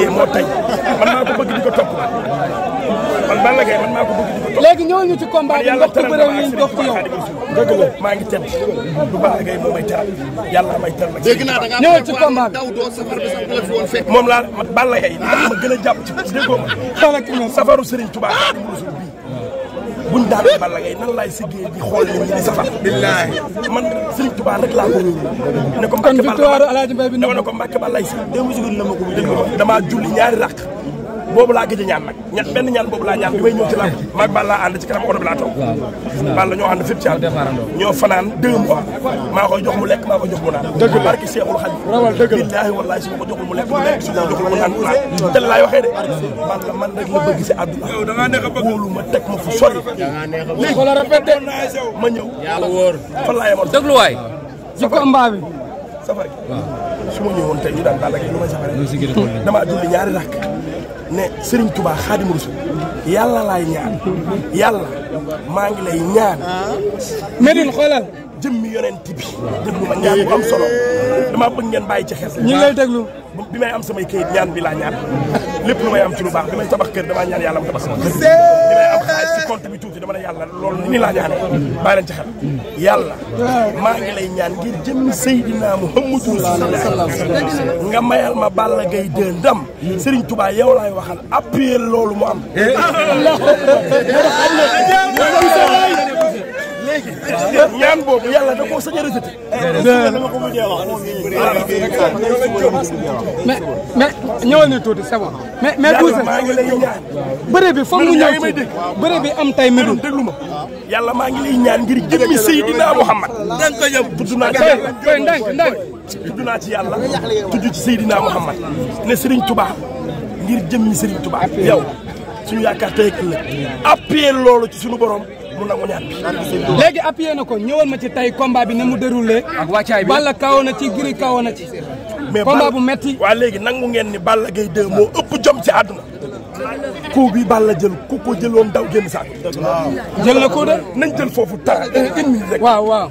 yee moo tay man maa ko bëgg di ko topp man Balla Gaye man maa ko bëgg di ko topp. léegi ñëw ñu ci combat bi ndox bu bëre yi dox ci yow. dëgg la maa ngi tedd du Balla Gaye moo may teral yàlla may teral. dégg naa da ngaa ñëw ci combat bi. moom laa Balla Gaye ma gën a jàpp ci déggoo ma. safaru Serigne Touba. buñ daanee Balla Gaye nan laay siggee di xool nit ñi safar. billaahi man Serigne Touba rek laa ko wóolu. ne kon victoire Aladji Mbaye bi. dama ne ko Mbacke Balla si. démb si guddi la ko wér. damaa julli ñaari rakk. boobu laa gëj a ñaan nag ña benn ñaan boobu laa ñaan bi may ñëw ci làmb maag Balla laa ànd ci kanam oto bi laa toog Balla ñoo ànd fépp ci ànd ñoo fanaan deux mois maa jox mu lekk maa jox mu naan barki Seexul Xadim billaahi wallaahi su ko joxul mu lekk mu su ko joxul mu naan te de man rek la bëgg ma ma fu sori ma ci combat bi ñu daan lu may safare damaa ñaari rakk ne Serigne Touba Xaadimu Rasul yàlla laay ñaan yàlla maa ngi lay ñaan. Medine xoolal. jëmmi yonent bi déglu ma ñaan am solo dama bëgg ngeen bàyyi ci xel ñi ngay déglu bi may am samay kayit ñaan bi laa ñaan lu may am ci lu baax bi may tabax kër dama ñaan tabax sama kër bi may am xaalis ci compte bi tuuti dama ne yàlla loolu ni laa ñaane bàyyi leen ci xel yàlla maa ngi lay ñaan ngir jëmmi Seydina Muhammadu Rasulullah nga mayal ma Balla ndam Serigne Touba yow waxal mu am eh. léegi ñaan boobu yàlla da koo sañ a rejeté. mais mais ñëwal ni tuuti c'est bon mais mais ba bëre bi foog mu ñëw ci bëre bi am tay mbiru déglu ma yàlla maa ngi lay ñaan ngir jëmmi Seydina Muhammad ndànk ko yow tudd naa ci ndànk naa yàlla tudd ci Seydina Muhammad ne Serigne Touba ngir jëmmi Serigne Touba yow suñu yaakaar tey ëllëg appuyé loolu ci borom mu nangu ñaan bi. léegi appuyé na ko ñëwoon ma ci tey combat bi na mu déroulé. ak wàccaay bi a kawoo na ci Gris kawoo na ci. mais combat bu metti waa léegi nangu ngeen ni Balla Gaye 2 moo ëpp jom ci àdduna. coup bi Balla jël ku ko jël jëloon daw génn saako. jël na ko de nañ jël foofu temps une minute rek. waaw waaw.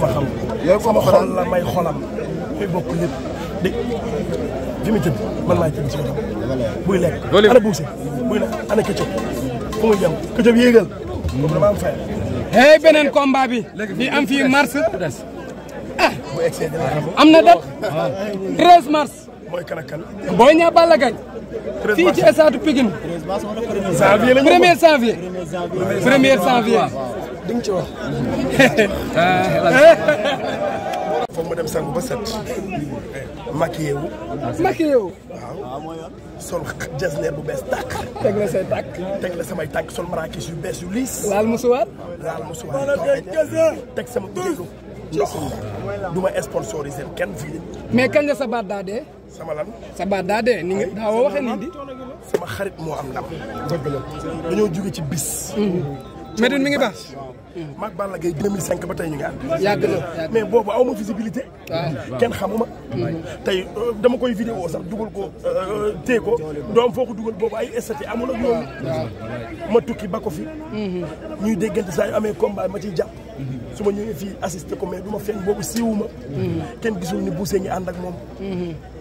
ma xam. yooyu sama xol la may xolam. muy bokk lépp de fi muy tëdd man maay tëdd si ma buy lekk. loolu ana buuse buy lekk ana këccëg fu muy jëm këccëg yéegal. comme beneen combat bi. bi am fii mars. ah am na date. 13 ah. mars. mooy kan ak kan. booy ñaa Balla Gaye. fii ci estade Pikine. 13 mars wala 1er di ci wax. foog ma dem sangu ba set. maquillé wu. maquillé wu. waaw sol jasneer bu bees tàkk. teg la say tàkk. teg la samay tàkk sol marakis yu bees yu liis. laal musuwaar. laal musuwaar teg sama jéego. ndox du ma sponsorisé kenn fii. mais kañ la sa baat daa dee. sama lan sa baat daa dee ni nga daawoo waxee nii di. sama xarit moo am ndam. dëgg la dañoo jóge ci bis. Mhm. Médoune mi ngi baax. maa Balla Gaye 2005 ba tey ñu ngi ànd. yàgg na mais boobu aw ma visibilité. waaw ah. kenn xamuma. tey euh, dama koy vidéo sax dugal ko euh, euh, téye ko doom foo ko dugal boobu ay estati amul ak yoon. Ah. ma tukki ba ko fi. Mhm. ñuy déggante saa yu amee combat ma ci jàpp. Mhm. su ma ñëwee fii assisté ko mais du ma feeñ boobu siiwuma. Mhm. kenn gisul ni buusee ñi ànd ak moom.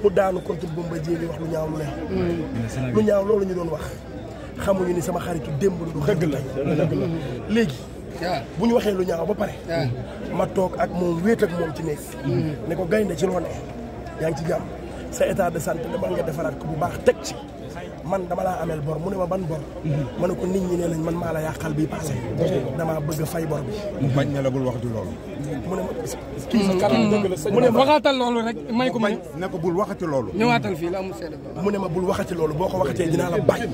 mu daanu contre Bombardier li wax lu ñaaw lu ne. lu ñaaw loolu ñu doon wax. xamuñu ni sama xaritu démb lu dëgg la dëgg la léegi bu ñu waxee lu ñaaw ba pare ma toog ak moom wéet ak moom ci nekk mm-hmm. ne ko gaynde ci loo yaa ngi ci jàmm sa état de santé dama nga defaraat ko bu baax teg ci man dama laa ameel bor mu ne ma ban bor mhm. ma ne ko nit ñi ne nañ man maa la yàqal bi passé damaa bëgg fay bor bi bañ ne la bul wax di loolu mu ne ma kii sa kanam mm. mm. dëgg la sëñ mu ne waxaatal loolu rek may ko may ne ko bul waxati loolu ñëwaatal fii la amul seede mu ne ma bul waxati loolu boo ko waxatee mm. dinaa la bàyyi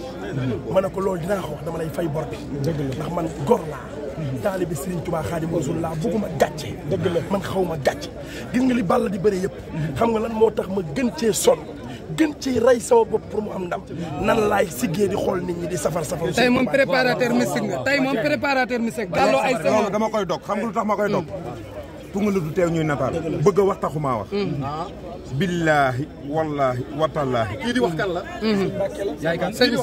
ma ne ko loolu dinaa ko wax dama lay fay bor bi ndax man gor laa mm-hmm. taalibi Serigne Touba Xaadimu Rasuul laa bëgguma gàcce dëgg la man xaw ma gàcce gis nga li bàll di bëre yëpp mm-hmm. xam nga lan moo tax ma gën cee sonn gën ci rey sama bopp pour mu am ndam nan laay siggee di xool nit ñi di safar safar. tey moom préparateur mystique nga tey moom préparateur mystique. dàlloo ay semence dama koy dog xam nga lu tax ma koy dog. tungalu du teew ñuy nataal bëgg a wax taxu taxumaa wax mm. ah. billaahi wallaahi watallaahi kii di wax kan la yaay mm-hmm. kan sëñ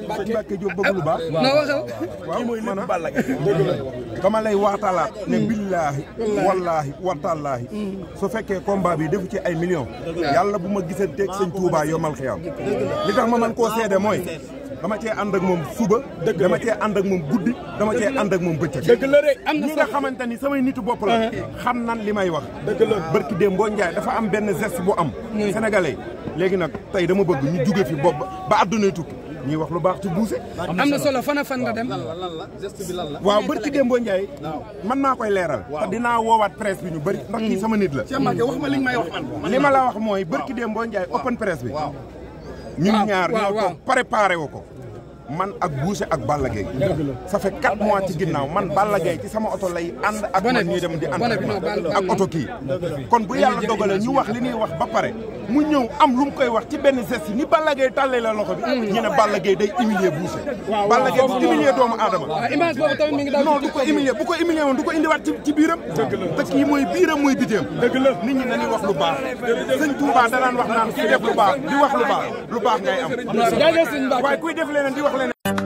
Mbàkke bëgg lu baax no waxal kii a lépp Balla Gaye dama lay waatalaat ne billaahi wallaahi watallaahi su fekkee kombaa bi defu ci ay millions yàlla bu ma gisanteeg sëñ Touba yomal xiyaam li tax ma mën koo seede mooy dama cee ànd ak moom suba dama cee ànd ak moom guddi dama cee ànd ak moom bëccëg dëgg la rek am nga xamante ni samay nitu bopp la uh-huh. xam nan li may wax dëgg la barki démb boo njaay dafa am benn geste bu am hmm. sénégalais léegi nag tey dama bëgg ñu juge fi bopp ba addunay tukki ñuy wax lu baax ci buuse. am na solo fan fan nga dem. lan la lan la geste bi lan man mën naa koy leeral. waaw dinaa woowaat presse bi ñu bëri. ndax kii sama nit la. Cheikh Mbacke wax ma li may wax man. Mm. li ma la wax mooy barki Demba Ndiaye open presse bi. waaw ñun ñaar ñoo ko préparé wu ko. man ak Boucher ak Balla Gaye ça fait quatre mois ci ginnaaw man Balla Gaye ci sama oto lay ànd ak man ñuy dem di ànd ak oto kii kon bu yàlla dogalee ñu wax li ñuy wax ba pare mu ñëw am lu mu koy wax ci benn geste ni Balla Gaye tàllee la loxo bi. Mm. ñu ne Balla day humilier Boucher. waaw Balla Gaye doomu aadama. waaw du ko humilier bu ko humilier woon du ko indiwaat ci biiram. te kii mooy biiram mooy biteem. nit ñi nañuy wax lu baax. sëñ Touba danaan wax naan kuy def lu baax di wax lu baax lu baax ngay am. waaye kuy def leneen di wax leneen.